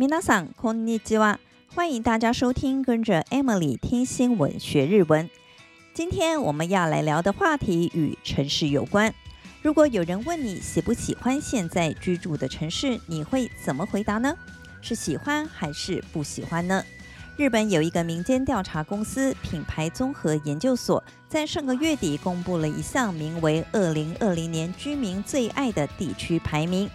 皆さん、こんにちは。歡迎大家收聽，跟着 Emily 聽新聞學日文。今天我們要來聊的話題與城市有關。如果有人問你喜不喜歡現在居住的城市，你會怎麼回答呢？是喜歡還是不喜歡呢？日本有一個民間調查公司品牌綜合研究所，在上個月底公布了一項名為“二零二零年居民最愛的地區”排名。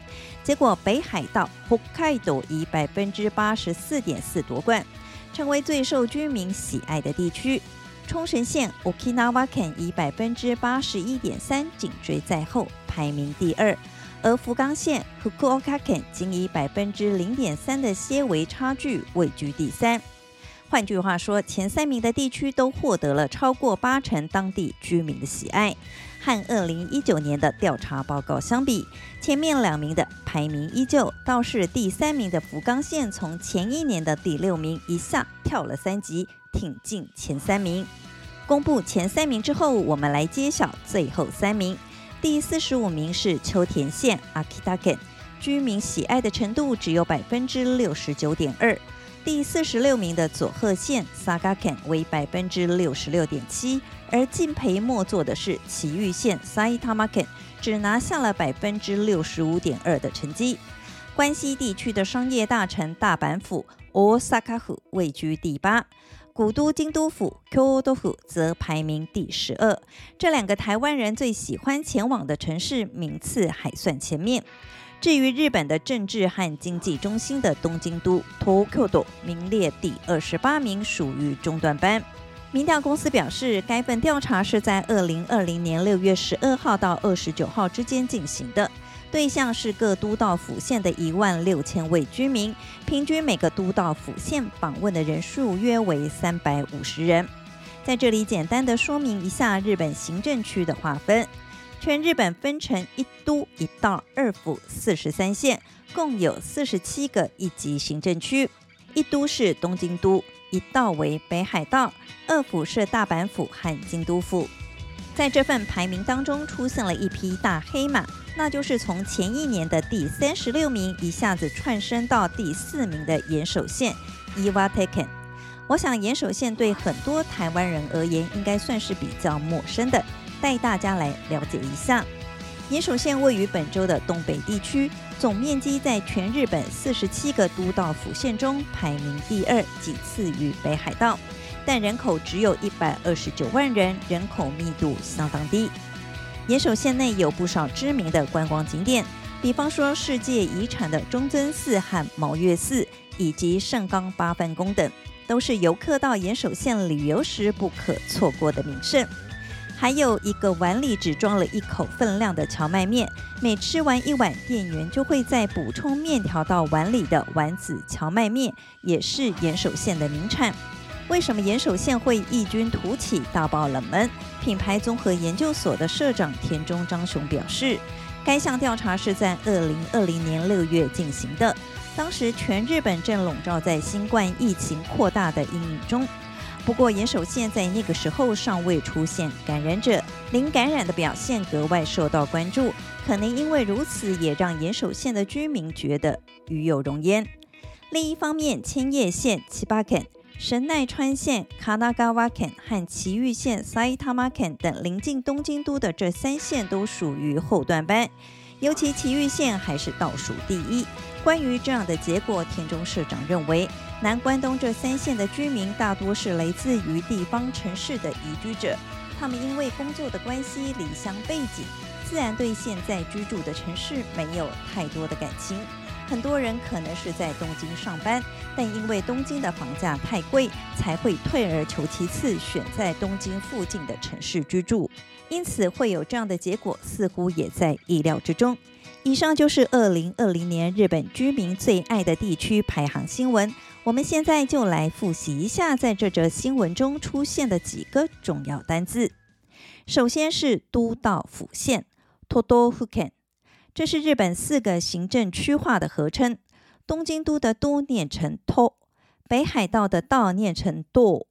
結果北海道，北海道以百分之八十四點四奪冠，成為最受居民喜愛的地區。沖繩縣 Okinawaken 以百分之八十一點三緊追在後，排名第二。而福岡縣 Fukuokaken 僅以百分之零點三的些微差距位居第三。換句話說，前三名的地區都獲得了超過八成當地居民的喜愛。和二零一九年的調查報告相比，前面兩名的排名依舊，倒是第三名的福岡縣從前一年的第六名一下跳了三級，挺進前三名。公布前三名之後，我們來揭曉最後三名。第四十五名是秋田縣 Akita ken，居民喜愛的程度只有百分之六十九點二。第四十六名的佐賀縣 Saga 縣為百分之六十六點七，而敬陪末座的是埼玉縣埼玉縣，只拿下了百分之六十五點二的成績。關西地區的商業大城大阪府 Osaka 府位居第八，古都京都府 Kyoto 府則排名第十二。這兩個台灣人最喜歡前往的城市名次還算前面。至於日本的政治和經濟中心的東京都 （Tokyo） 名列第二十八名，屬於中段班。民調公司表示，該份調查是在二零二零年六月十二號到二十九號之間進行的，對象是各都道府縣的一萬六千位居民，平均每個都道府縣訪問的人數約為三百五十人。在這裡，簡單的說明一下日本行政區的劃分。全日本分成一都一道二府四十三縣，共有四十七個一級行政區。一都是東京都，一道為北海道，二府是大阪府和京都府。在這份排名當中，出現了一批大黑馬，那就是從前一年的第三十六名一下子竄升到第四名的岩手縣 e w a t e k e n。我想，岩手縣對很多台灣人而言，應該算是比較陌生的。帶大家來了解一下，岩手縣位於本州的東北地區，總面積在全日本四十七個都道府縣中排名第二，僅次於北海道。但人口只有一百二十九萬人，人口密度相當低。岩手縣內有不少知名的觀光景點，比方說世界遺產的中尊寺和毛越寺，以及盛岡八幡宮等，都是遊客到岩手縣旅遊時不可錯過的名勝。還有一個碗裡只裝了一口分量的蕎麥麵，每吃完一碗，店員就會再補充麵條到碗裡的丸子蕎麥麵也是岩手縣的名產。為什麼岩手縣會異軍突起，大爆冷門？品牌綜合研究所的社長田中章雄表示，該項調查是在二零二零年六月進行的，當時全日本正籠罩在新冠疫情擴大的陰影中。不過岩手縣在那個時候尚未出現感染者，零感染的表現格外受到關注，可能因為如此，也讓岩手縣的居民覺得與有榮焉。另一方面，千葉縣、七八肯、神奈川縣、卡納加瓦肯和埼玉縣、塞塔瑪肯等臨近東京都的這三縣都屬於後段班，尤其埼玉縣還是倒數第一。關於這樣的結果，田中社長認為，南關東這三縣的居民大多是來自於地方城市的移居者，他們因為工作的關係，離鄉背井，自然對現在居住的城市沒有太多的感情。很多人可能是在東京上班，但因為東京的房價太貴，才會退而求其次，選在東京附近的城市居住。因此會有這樣的結果，似乎也在意料之中。以上就是二零二零年日本居民最愛的地區排行新聞。我們現在就來複習一下，在這則新聞中出現的幾個重要單字。首先是都，到府都道府縣 t o d ō Fukan），這是日本四個行政區劃的合稱。東京都的都念成 “to”，北海道的道念成 “do”，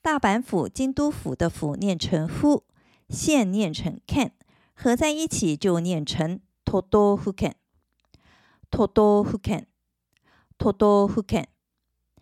大阪府、京都府的府念成 h u 縣念成 “kan”，合在一起就念成 t o d ō Fukan”。t o d ō Fukan，t o d ō Fukan。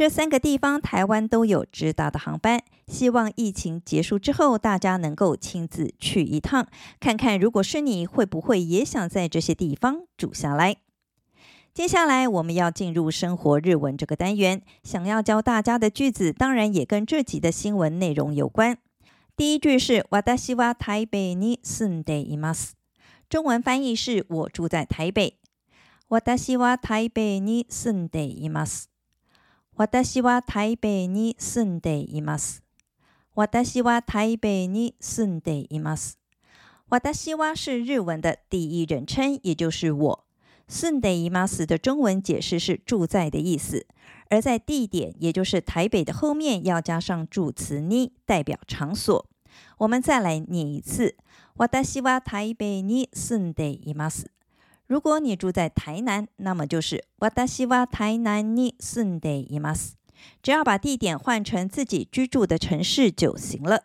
這三個地方，台灣都有直達的航班。希望疫情結束之後，大家能夠親自去一趟，看看如果是你，會不會也想在這些地方住下來？接下來我們要進入生活日文這個單元，想要教大家的句子，當然也跟這集的新聞內容有關。第一句是“わたしは台北に住んでいます”，中文翻譯是“我住在台北”。わたしは台北に住んでいます。私は，私は台北に住んでいます。私は台北に住んでいます。私は是日文的第一人稱，也就是我。住んでいます的中文解釋是住在的意思，而在地點，也就是台北的後面要加上助詞に，代表場所。我們再來念一次：私は台北に住んでいます。如果你住在台南，那麼就是“わたしは台南に住んでいます”。只要把地點換成自己居住的城市就行了。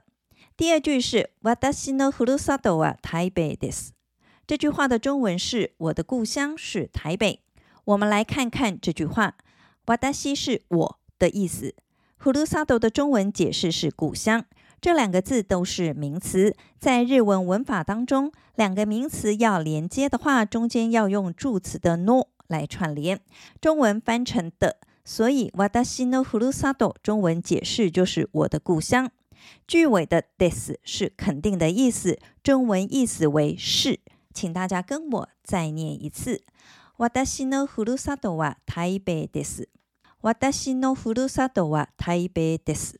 第二句是“わたしの故郷は台北です”。這句話的中文是“我的故鄉是台北”。我們來看看這句話，“わたし”是我的意思，“故郷”的中文解釋是故鄉。這兩個字都是名詞，在日文文法當中，兩個名詞要連接的話，中間要用助詞的 “no” 來串聯。中文翻成的，所以“私のふるさと”中文解釋就是“我的故鄉”。句尾的です是肯定的意思，中文意思為“是”。請大家跟我再念一次：“私のふるさとは台北です。”“私のふるさとは台北です。”